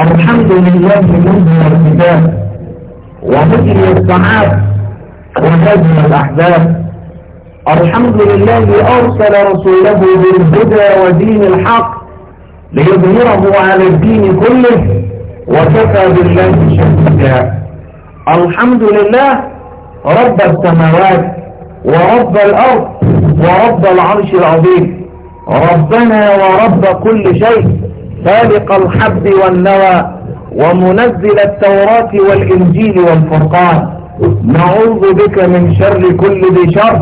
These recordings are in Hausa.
الحمد لله منذ الكتاب ومجري الصعاب وهذه الأحزاب الحمد لله أرسل رسوله بالهدى ودين الحق ليظهره على الدين كله وكفى بالله شهيدا الحمد لله رب السماوات ورب الأرض ورب العرش العظيم ربنا ورب كل شيء فالق الحب والنوى ومنزل التوراة والإنجيل والفرقان نعوذ بك من شر كل ذي شر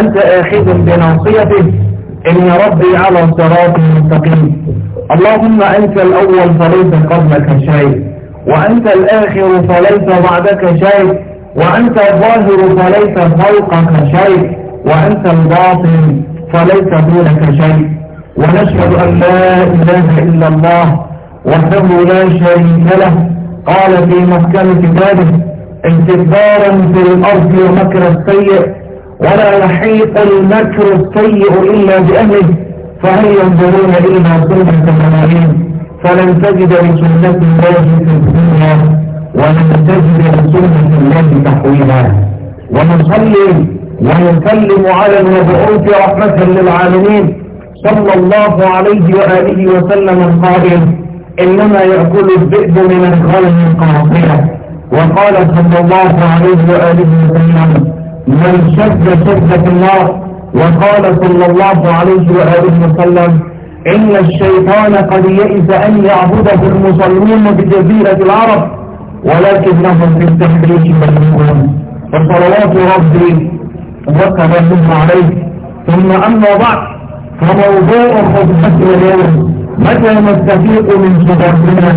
أنت آخذ بناصيته إن ربي على صراط مستقيم اللهم أنت الأول فليس قبلك شيء وأنت الآخر فليس بعدك شيء وأنت الظاهر فليس فوقك شيء وأنت الباطن فليس دونك شيء ونشهد أن لا إله إلا الله وحده لا شريك له قال في محكم كتابه انتظارا في الأرض ومكر السيء ولا يحيط المكر السيء إلا بأهله فهل ينظرون إلا سنة المنامين فلن تجد لسنة الله في الدنيا ولن تجد لسنة الله تحويلا ونصلي ونسلم على المبعوث رحمة للعالمين صلى الله عليه وآله وسلم قائل إنما يأكل الذئب من الغنم قاطعة وقال صلى الله عليه وآله وسلم من شد شدة النار وقال صلى الله عليه وآله وسلم إن الشيطان قد يئس أن يعبده المصلون بجزيرة العرب ولكنهم في التحريك مجنون فصلوات ربي وسلامه عليه ثم أما بعد وموضوع خطبتنا اليوم متى نستفيق من صدورنا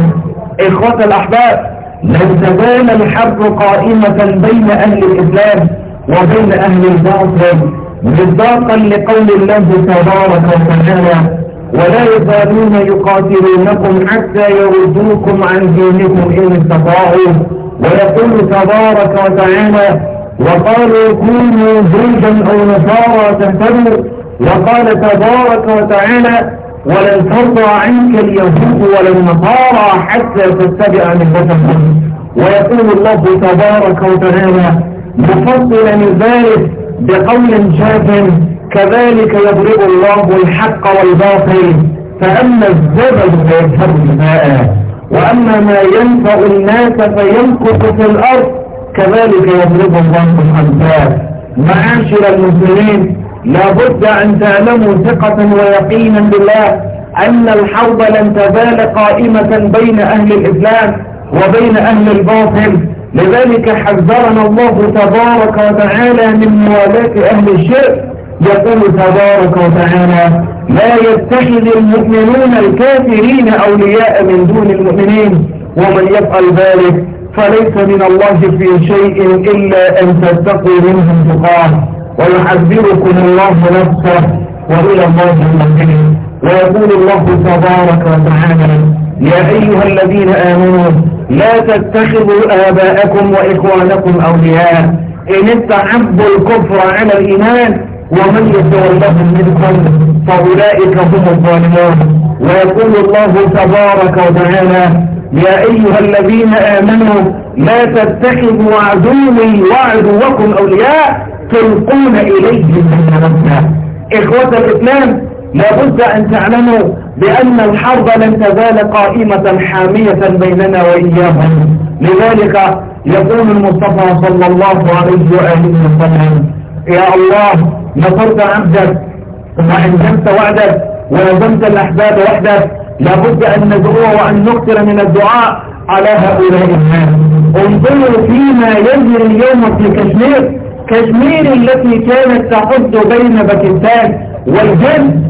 إخوة الأحباب لن تزال الحرب قائمة بين أهل الإسلام وبين أهل الباطل مصداقا لقول الله تبارك وتعالى ولا يزالون يقاتلونكم حتى يردوكم عن دينكم إن استطاعوا ويقول تبارك وتعالى وقالوا كونوا زوجا أو نصارى تهتدوا وقال تبارك وتعالى ولن ترضى عنك اليهود ولا النصارى حتى تتبع ملتهم ويقول الله تبارك وتعالى مفصلا ذلك بقول شاف كذلك يضرب الله الحق والباطل فأما الزبد فيذهب الماء وأما ما ينفع الناس فيمكث في الأرض كذلك يضرب الله الأمثال معاشر المسلمين لا بد أن تعلموا ثقة ويقينا بالله أن الحرب لن تزال قائمة بين أهل الإسلام وبين أهل الباطل لذلك حذرنا الله تبارك وتعالى من موالاة أهل الشرك يقول تبارك وتعالى لا يتخذ المؤمنون الكافرين أولياء من دون المؤمنين ومن يفعل ذلك فليس من الله في شيء إلا أن تتقوا منهم تقاه ويحذركم الله نفسه وإلى الله المنزل ويقول الله تبارك وتعالى يا أيها الذين آمنوا لا تتخذوا آباءكم وإخوانكم أولياء إن استحبوا الكفر على الإيمان ومن يتولهم منكم فأولئك هم الظالمون ويقول الله تبارك وتعالى يا أيها الذين آمنوا لا تتخذوا عدوني وعدوكم أولياء تلقون إليه من مردها إخوة الإسلام لابد أن تعلموا بأن الحرب لن تزال قائمة حامية بيننا وإياهم لذلك يقول المصطفى صلى الله عليه وآله وسلم يا الله نصرت عبدك وأنجزت وعدك ونظمت الأحباب وحدك لابد أن ندعو وأن نكثر من الدعاء على هؤلاء الناس انظروا فيما يجري اليوم في كشمير كشمير التي كانت تحد بين باكستان والهند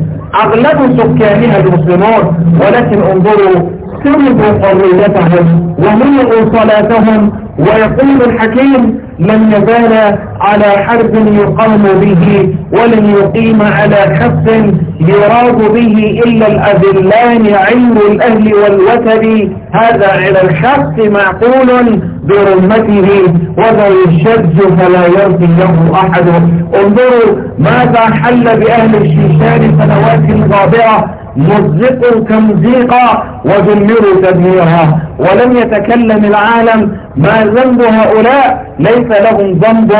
أغلب سكانها المسلمون ولكن انظروا سلبوا قريتهم ومنعوا صلاتهم ويقول الحكيم لن يزال على حرب يقام به ولن يقيم على حف يراد به إلا الأذلان علم الأهل والوتر هذا على الحق معقول برمته وذو الشج فلا يرضي له أحد انظروا ماذا حل بأهل الشيشان سنوات غابرة مزقوا تمزيقا ودمروا تدميرا ولم يتكلم العالم ما ذنب هؤلاء ليس لهم ذنب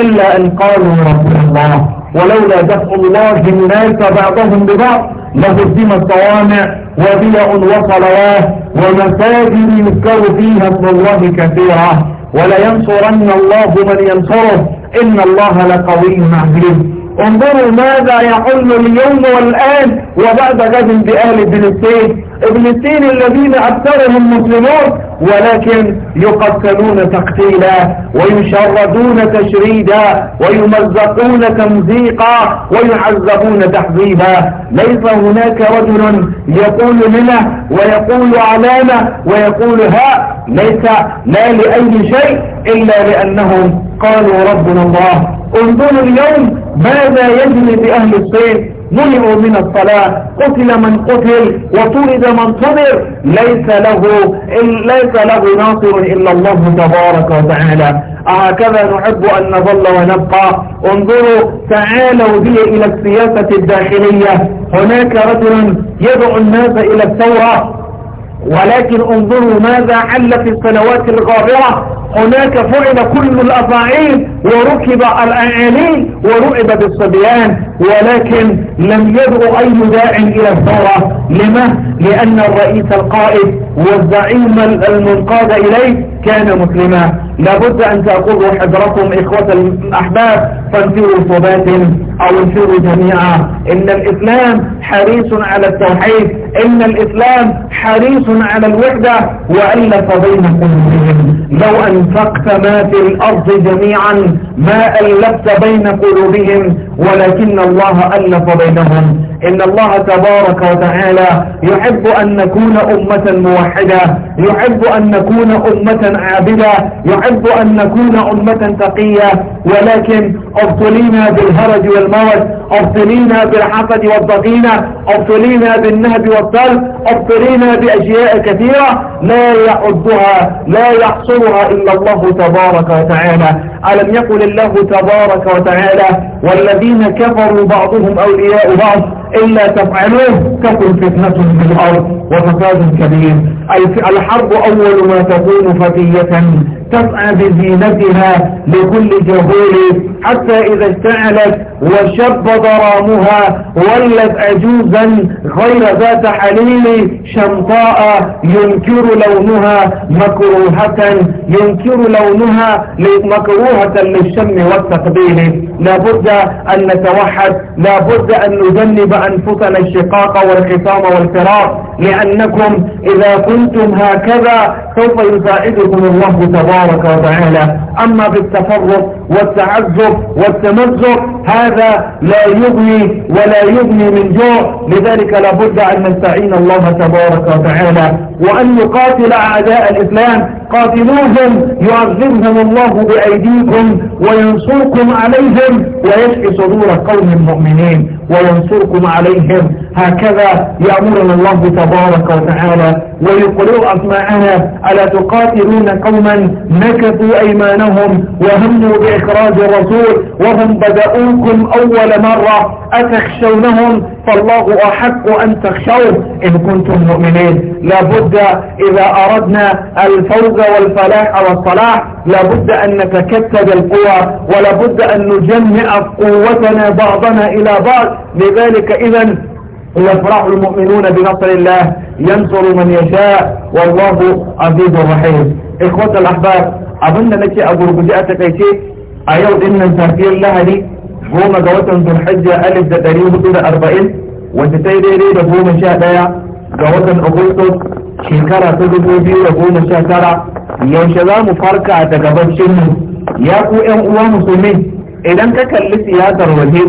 إلا أن قالوا رسول الله ولولا دفع الله الناس بعضهم ببعض لهدمت صوامع وبيع وصلوات ومساجد يذكر فيها اسم الله كثيرا ولينصرن الله من ينصره إن الله لقوي عزيز انظروا ماذا يحل اليوم والآن وبعد غد بأهل ابن ابنتين الذين أكثرهم مسلمون ولكن يقتلون تقتيلا ويشردون تشريدا ويمزقون تمزيقا ويعذبون تحذيبا ليس هناك رجل يقول لنا ويقول علامة ويقول ها ليس لا لأي شيء إلا لأنهم قالوا ربنا الله انظروا اليوم ماذا يجري بأهل الصين منعوا من الصلاة قتل من قتل وطرد من طرد ليس له ليس له ناصر إلا الله تبارك وتعالى أهكذا نحب أن نظل ونبقى انظروا تعالوا بي إلى السياسة الداخلية هناك رجل يدعو الناس إلى الثورة ولكن انظروا ماذا حل في السنوات الغابرة هناك فعل كل الأفاعيل وركب الأعلين ورعب بالصبيان ولكن لم يدعو أي داع إلى الثورة لما؟ لأن الرئيس القائد والزعيم المنقاد إليه كان مسلما لابد أن تأخذوا حذركم إخوة الأحباب فانفروا صبات أو انفروا جميعا إن الإسلام حريص على التوحيد إن الإسلام حريص على الوحدة وألف بين قلوبهم لو أنفقت ما في الأرض جميعا ما ألفت بين قلوبهم ولكن الله ألف بينهم إن الله تبارك وتعالى يحب أن نكون أمة موحدة يحب أن نكون أمة عابدة يحب أن نكون أمة تقية ولكن ابتلينا بالهرج والهرج والموت ابطلينا بالحسد والضغينة ابطلينا بالنهب والضل ابطلينا باشياء كثيرة لا يعدها لا يحصرها الا الله تبارك وتعالى الم يقل الله تبارك وتعالى والذين كفروا بعضهم اولياء بعض الا تفعلوه تكن فتنة في الارض وفساد كبير الحرب اول ما تكون فتية تسعى بزينتها لكل جهول حتى إذا اشتعلت وشب ضرامها ولت أجوزا غير ذات حليل شمطاء ينكر لونها مكروهة ينكر لونها مكروهة للشم والتقبيل لابد أن نتوحد لابد أن نجنب أنفسنا الشقاق والخصام والفراق لأنكم إذا كنتم هكذا سوف يساعدكم الله تبارك تبارك وتعالى أما بالتفرق والتعذب والتمزق هذا لا يغني ولا يغني من جوع لذلك لابد أن نستعين الله تبارك وتعالى وأن يقاتل أعداء الإسلام قاتلوهم يعذبهم الله بأيديكم وينصركم عليهم ويشفي صدور قوم المؤمنين وينصركم عليهم هكذا يأمرنا الله تبارك وتعالى ويقولوا أسماءنا ألا تقاتلون قوما نكثوا أيمانهم وهموا بأيديهم إخراج الرسول وهم بدأوكم أول مرة أتخشونهم فالله أحق أن تخشوه إن كنتم مؤمنين لابد إذا أردنا الفوز والفلاح والصلاح لابد أن نتكتب القوى ولابد أن نجمع قوتنا بعضنا إلى بعض لذلك إذا يفرح المؤمنون بنصر الله ينصر من يشاء والله عزيز رحيم إخوة الأحباب أظن لك أبو رجاء تكيشي a yau din nan safiyar lahadi goma ga watan zulhajja alif da ɗari hudu da arba'in wacce ta daidai da goma sha ɗaya ga watan agustus shekara ta dubu biyu da goma sha tara yaushe za mu farka daga mu ya ku yan uwa musulmi idan ka kalli siyasar waje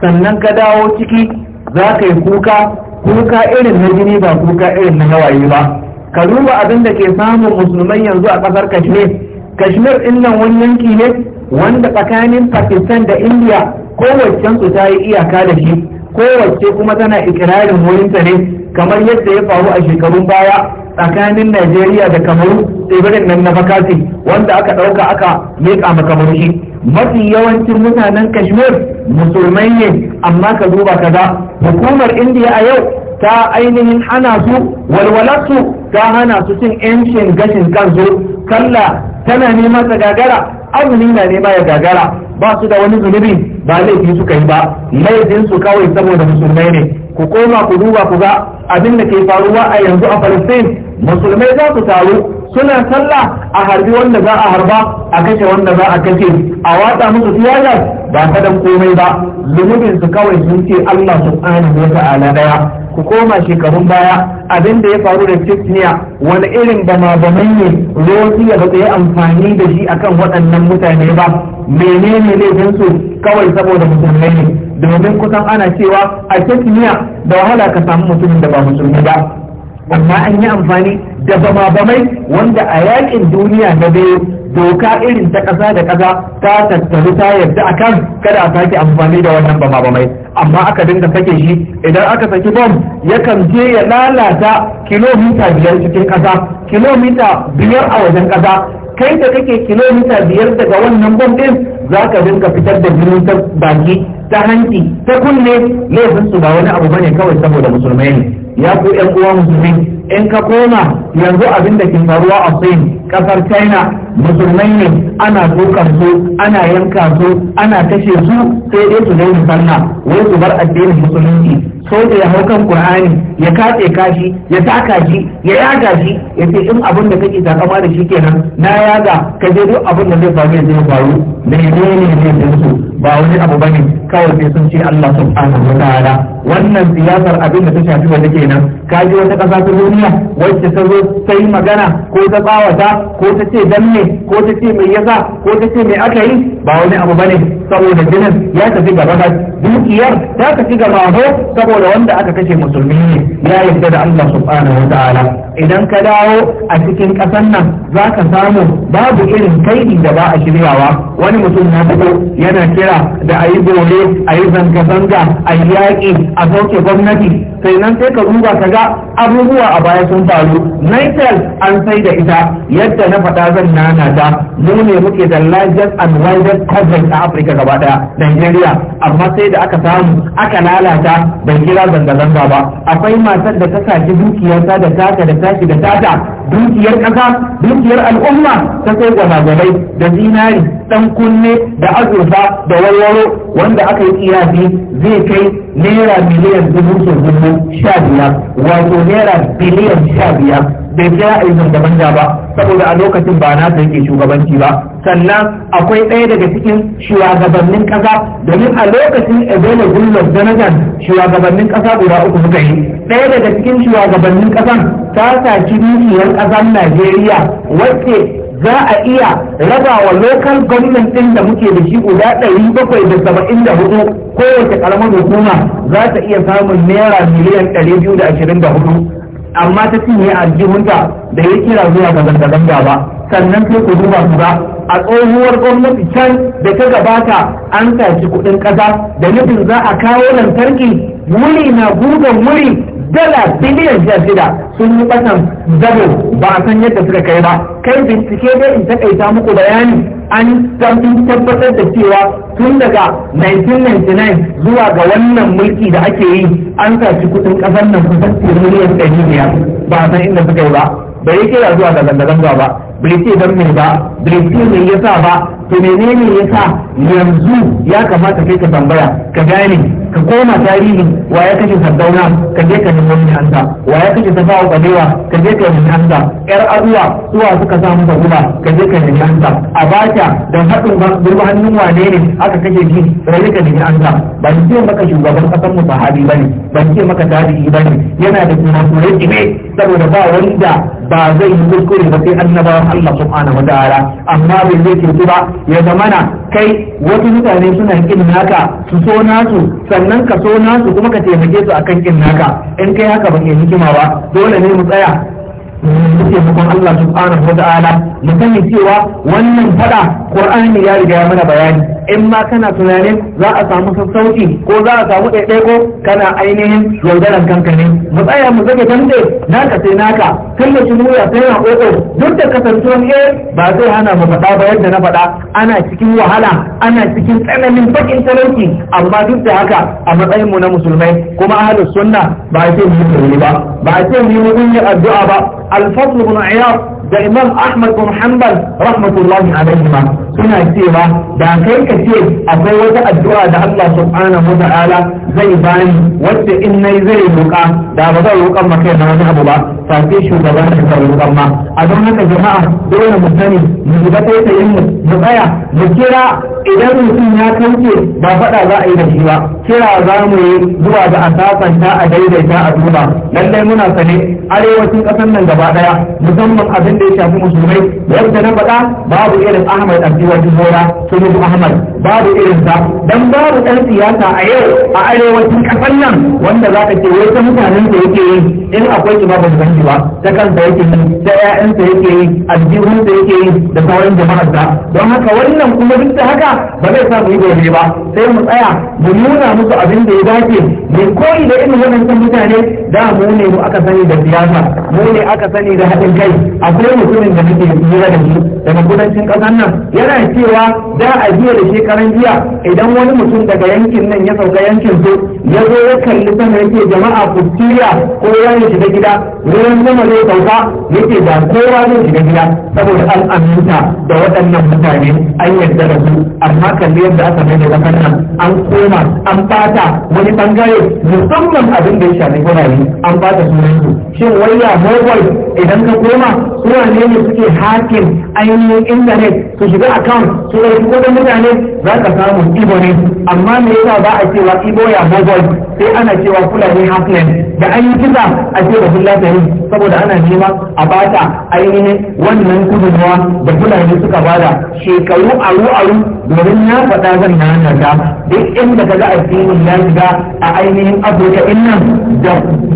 sannan ka dawo ciki za ka yi kuka kuka irin na jini ba kuka irin na hawaye ba ka duba abin da ke samun musulmai yanzu a ƙasar kashmir kashmir ɗin nan wani yanki ne wanda tsakanin pakistan da india kowaccen su ta yi iyaka da shi kowace kuma tana ikirarin wurinta ne kamar yadda ya faru a shekarun baya tsakanin najeriya da kamaru tsibirin nan na bakasi wanda aka ɗauka aka leƙa ma kamaru shi mafi yawancin mutanen kashmir musulmai ne amma ka duba kaza hukumar indiya a yau ta ainihin hana su walwalarsu ta hana su cin 'yancin gashin kansu kalla tana neman gagara azumi na nema ya gagara ba su da wani zunubi ba laifi suka yi ba laifin su kawai saboda musulmai ne ku koma ku duba ku ga abin da ke faruwa a yanzu a Palestine musulmai za su taru suna sallah a harbi wanda za a harba a kashe wanda za a kashe a watsa musu tiyaya ba ta dan komai ba zunubin su kawai sun ce Allah subhanahu wa ta'ala daya ku koma shekarun baya abin da ya faru da Chechnya wani irin da mabamai ne Rosiya ya ta amfani da shi akan waɗannan mutane ba menene laifin su kawai saboda musulmai ne domin kusan ana cewa a Chechnya da wahala ka samu mutumin da ba musulmi ba amma an yi amfani da bama-bamai wanda a yaƙin duniya na biyu doka irin ta kasa da kasa ta tattaru ta yarda a kan kada a sake amfani da wannan bama ba mai amma aka dinga sake shi idan aka saki bom yakan je ya lalata kilomita biyar cikin kasa kilomita biyar a wajen kasa kai da kake kilomita biyar daga wannan bom ɗin za ka dinga fitar da jini ta baki ta hanci ta kunne laifin su ba wani abu bane kawai saboda musulmai ne ya ku yan uwa musulmi in ka koma yanzu abin da ke faruwa a Spain kasar China musulmai ne ana tsokar su ana yanka su ana kashe su sai dai su daina sallah wai su bar addinin musulunci soja ya hau kan qur'ani ya katse kashi ya taka shi ya yaga shi ya ce in abin da kake takama da shi kenan na yaga ka je duk abin da zai faru zai faru menene ne ne su ba wani abu bane kawai sai sun ce Allah subhanahu wa ta'ala wannan siyasar abin da ta shafi wanda nan ka ji wata ƙasa ta duniya wacce ta zo ta yi magana ko ta tsawata ko ta ce dan me ko ta ce mai yasa ko ta ce mai aka yi ba wani abu bane saboda jinin ya tafi gaba dukiyar ta tafi ga saboda wanda aka kashe musulmi ne ya yarda da Allah subhanahu wa ta'ala idan ka dawo a cikin ƙasar nan za ka samu babu irin kaidi da ba a shiryawa wani mutum na fito yana kira da a yi bore a yi zanga-zanga a yi yaƙi a sauke gwamnati sai nan sai ka duba ka ga abubuwa a baya sun faru naitel an sai da ita yadda na faɗa zan nana ta mu ne muke da largest and widest coverage a afirka gaba ɗaya nigeria amma sai dukiyoyi da aka samu aka lalata bai kira zanga-zanga ba akwai matar da ta saki dukiyarta da taka da taki da tata dukiyar ƙasa dukiyar al'umma ta sai gwanagwanai da zinari dan kunne da azurfa da warwaro wanda aka yi kiyasi zai kai naira miliyan dubu dubu sha biyar wato naira biliyan sha biyar bai kira a yi zanga-zanga ba saboda a lokacin ba na ta yake shugabanci ba sannan akwai ɗaya daga cikin shugabannin ƙasa domin a lokacin ebola gullar janajan shugabannin ƙasa guda uku suka yi ɗaya daga cikin shugabannin ƙasan ta saki dukiyar ƙasar najeriya wacce za a iya rabawa lokal gwamnan ɗin da muke da shi guda ɗari bakwai da saba'in da hudu kowace ƙaramar hukuma za ta iya samun naira miliyan ɗari biyu da ashirin da hudu amma ta cinye aljihunta da ya kira zuwa ga zanga-zanga ba sannan sai ku duba su ba a tsohuwar gwamnati can da ta gabata an tashi kuɗin ƙasa da nufin za a kawo lantarki wuri na gugan wuri dala biliyan sha shida sun yi ɓatan zabo ba a san yadda suka kai ba kai bincike dai in taƙaita muku bayani an tabbatar da cewa tun daga 1999 zuwa ga wannan mulki da ake yi an tashi kuɗin ƙasar nan kusan miliyan ɗari biyar ba a san inda suka yi ba bai yi kira zuwa ga zanga-zanga ba bilisi idan mai ba bilisi mai yasa ba to menene yasa yanzu ya kamata kai ka tambaya ka gane ka koma tarihi wa ya kashe sardauna ka je ka nemo wani hanta wa ya kashe fawo kadewa ka je ka nemi hanta yar aduwa suwa suka sa masa guba ka je ka nemi hanta a bata don haɗin gurbin hannun wane ne aka kashe shi rai ka nemi hanta ban ce maka shugaban kasan mu sahabi bane ban ce maka tarihi bane yana da kuma sunan ne saboda ba wanda ba zai yi kuskure ba sai annabawan Allah subhanahu wa ta'ala amma bai zai ce ba ya zamana kai wasu mutane suna kin naka su so nasu sannan ka so nasu kuma ka taimake su akan kin naka in kai haka ba ke hikima ba dole ne mu tsaya taimakon Allah subhanahu wa ta'ala mu sani cewa wannan fada Qur'ani ya riga ya mana bayani in ma kana tunanin za a samu sassauci ko za a samu ɗaiɗaiko kana ainihin yaudaran kanka ne mu tsaya mu zage dande naka sai naka kai shi mu ya sai na ƙoƙo duk da kasantuwan ne eh, ba zai hana mu faɗa ba yadda na faɗa ana cikin wahala ana cikin tsananin bakin talauci amma duk da haka a matsayin mu na musulmai kuma ahlus sunna ba sai mu yi ba ba a ce mu yi yi addu'a ba alfasu bin iyar da imam ahmad bin hanbal rahmatullahi alaihima suna cewa da kai ka ce akwai wata addu'a da Allah subhanahu wa ta'ala zai bani wacce in nayi zai roƙa da ba zan roƙa ma kai na wani abu ba sai shugaban ka roƙa ma a don haka jama'a dole mu sani mu shiga taitayin mu mu tsaya mu kira idan mutum ya kauce ba faɗa za a yi da shi ba kira za mu yi zuwa da ga ta a daidaita a duba lallai muna sane arewacin ƙasar nan gaba ɗaya musamman abin da ya shafi musulmai wanda na faɗa babu irin Ahmad Abdiwa Jibora Sunubu Ahmad babu irin sa dan babu ɗan siyasa a yau a arewacin ƙasar nan wanda za ka ce wai ta mutanen da yake yi in akwai ki babu ba ba ta kansa yake yi ta ƴaƴansa yake yi addinin yake yi da sauran jama'ar sa don haka wannan kuma duk da haka ba zai sa mu yi gobe ba sai mu tsaya mu nuna musu abin da ya dace mai koyi da irin waɗancan mutane da mu ne mu aka sani da siyasa mu ne aka sani da haɗin kai akwai mutumin da nake hira da shi daga kudancin ƙasar nan yana cewa da a jiya da shekaran jiya idan wani mutum daga yankin nan ya sauka yankin su ya zo ya kalli sama yake jama'a ku ko ya ne shiga gida wurin sama zai sauka yake da kowa zai shiga gida saboda an aminta da waɗannan mutane an yarda da su amma kalli yadda aka mai da ƙasar nan an koma an bata wani bangare musamman abin da ya shafi gurare an bata sunansu shin wai ya mobile idan ka koma su ne ne suke hakin ainihin intanet su shiga account su ɗauki da mutane za ka samu ibo ne amma me yasa ba a cewa ibo ya mobile sai ana cewa fulani hafland da an yi kisa a ce da yi saboda ana nema a bata ainihin wannan kudurwa da fulani suka bada shekaru aru aru domin na faɗa zan na hannarta duk inda ka ga addinin ya shiga a ainihin afirka in nan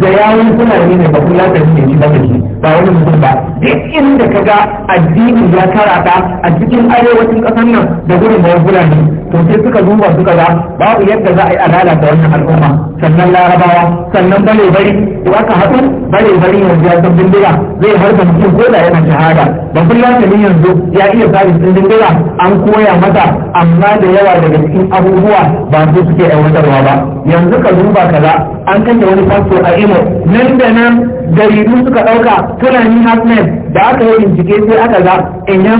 da yawon fulani ne ba ku ya tafi shi ba shi ba wani mutum ba duk inda ka ga addinin ya karata a cikin arewacin ƙasar nan da gudun da ya to sai suka duba suka ga babu yadda za a yi alala da wannan al'umma sannan larabawa sannan bare bari to aka haɗu bare bari yanzu ya san bindiga zai harba mutum ko da yana shahada ba tafi yanzu ya iya sabis din bindiga an koya mata amma da yawa daga cikin abubuwa ba su suke aiwatarwa ba yanzu ka duba kaza an kanta wani fasto a imo nan da nan garidu suka ɗauka fulani hasnet da aka yi bincike sai aka ga in ya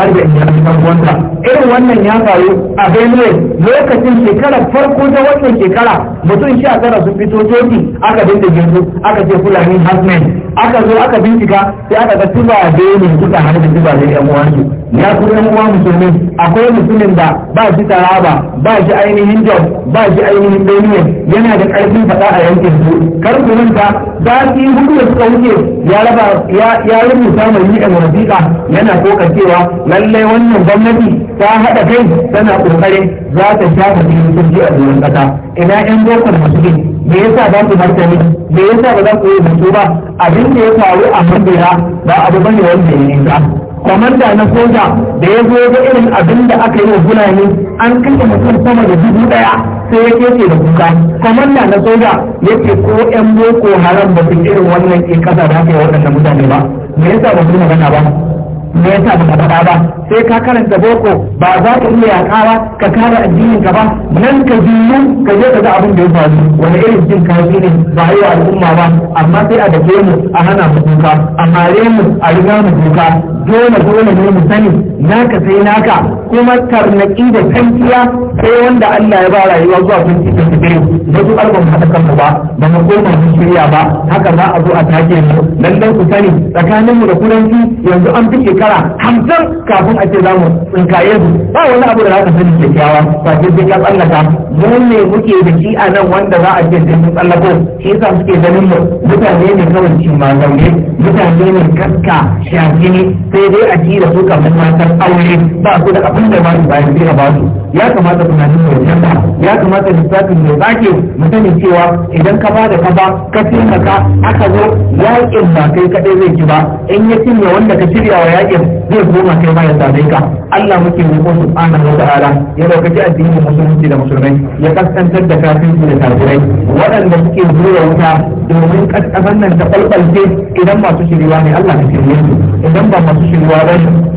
harbe inyamurin wanda irin wannan ya faru a benue lokacin shekarar farko ta wannan shekara mutum sha tara sun fito toki aka dinga gindu aka ce fulani hasmen aka zo aka bincika sai aka ga tuba a benue suka harbe tuba da yan uwansu ya kuma yan uwa musulmi akwai musulmin da ba shi taraba ba shi ainihin job ba shi ainihin benue yana da karfin faɗa a yankin su kar ku su yi hudu da suka wuce ya raba ya rubuta zamani da wasiƙa yana koka cewa lallai wannan gwamnati ta haɗa kai tana ƙoƙarin za ta shafa ji a duniyar ƙasa ina ƴan bokon musulmi me yasa za su martani me yasa ba za su yi mutu ba abin da ya faru a mandira ba abu bane wanda ya nisa kwamanda na soja da ya zo ga irin abin da aka yi wa fulani an kashe mutum sama da dubu ɗaya sai ya kece da kuka kamar na na soja ya ce ko yan boko haram ba su irin wannan ke kasa da haka waɗannan mutane ba me yasa ba su magana ba me yasa baka faɗa ba sai ka karanta boko ba za ka iya yaƙa ba ka kare addinin ka ba nan ka biyu ka je ka ga abin da ya faru wani irin jin kaji ne ba yi wa al'umma ba amma sai a dake mu a hana mu kuka a mare mu a riga mu kuka dole dole ne mu sani naka sai naka kuma tarnaki da tankiya sai wanda Allah ya ba rayuwa zuwa kunci ta tafiye da su albon haɗa kanmu ba ba mu koma mu shirya ba haka za a zo a take mu lallai ku sani tsakaninmu da kudanci yanzu an fi shekara hamsin kafin a ce zamu tsinkaye su ba wani abu da za ka sani kyakkyawa ba ke sai ka tsallaka mu ne muke da shi a nan wanda za a ce sai sun tsallako shi yasa suke ganin mu mutane ne kawai ci ma zaune mutane ne kaska shafi ne sai dai a ci da su kafin matar aure ba su da abin da ba su bayan sai ba su ya kamata tunanin mai canza ya kamata lissafin mai ke mu sani cewa idan ka ba da ka ba ka taimaka aka zo yaƙin ba kai kaɗai zai ci ba in ya cinye wanda ka shirya wa yaƙi yakin zai koma kai ma ya same ka Allah muke roƙo subhanahu wa ta'ala ya dauki addinin musulunci da musulmai ya kaskantar da kafirci da kafirai waɗanda suke zuwa wuta domin kaskafan nan ta balbalce idan masu shiriwa ne Allah ka shirye su idan ba masu shiriwa ba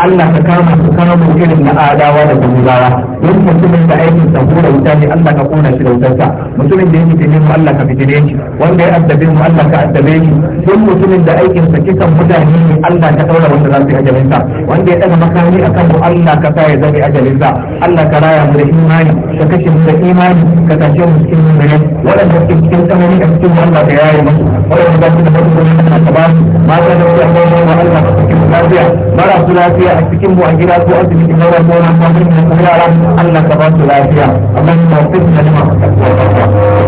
Allah ka kama su kama mu irin na adawa da gudawa don mutumin da aikin sa ko da wuta ne Allah ka kona shi da wutarsa mutumin da yake tinin mu Allah ka fitine shi wanda ya addabe mu Allah ka addabe shi don mutumin da aikin sa kisan mutane ne Allah ka daura wanda za su yi ta wanda ya daga makami akan mu Allah ka sa ya zabi ajalin sa Allah ka raya mu da imani ka kashe mu da imani ka tashe mu cikin mummunai waɗanda suke cikin tsanani a cikin Allah ka yaye mu waɗanda da cikin da cikin Allah ka ba ma mata da suke akwai mu Allah ka cikin lafiya su lafiya a cikin mu a gida ko asibiti na wani wani kwamin da kuma Allah ka ba su lafiya Allah ka ba su لما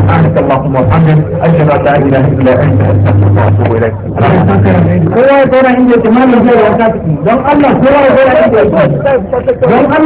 سبحانك اللهم وبحمدك اشهد ان لا اله الا انت استغفرك واتوب اليك. هو يا ترى عندي كمان من غير وكاتبي don Allah sai ya yi don Allah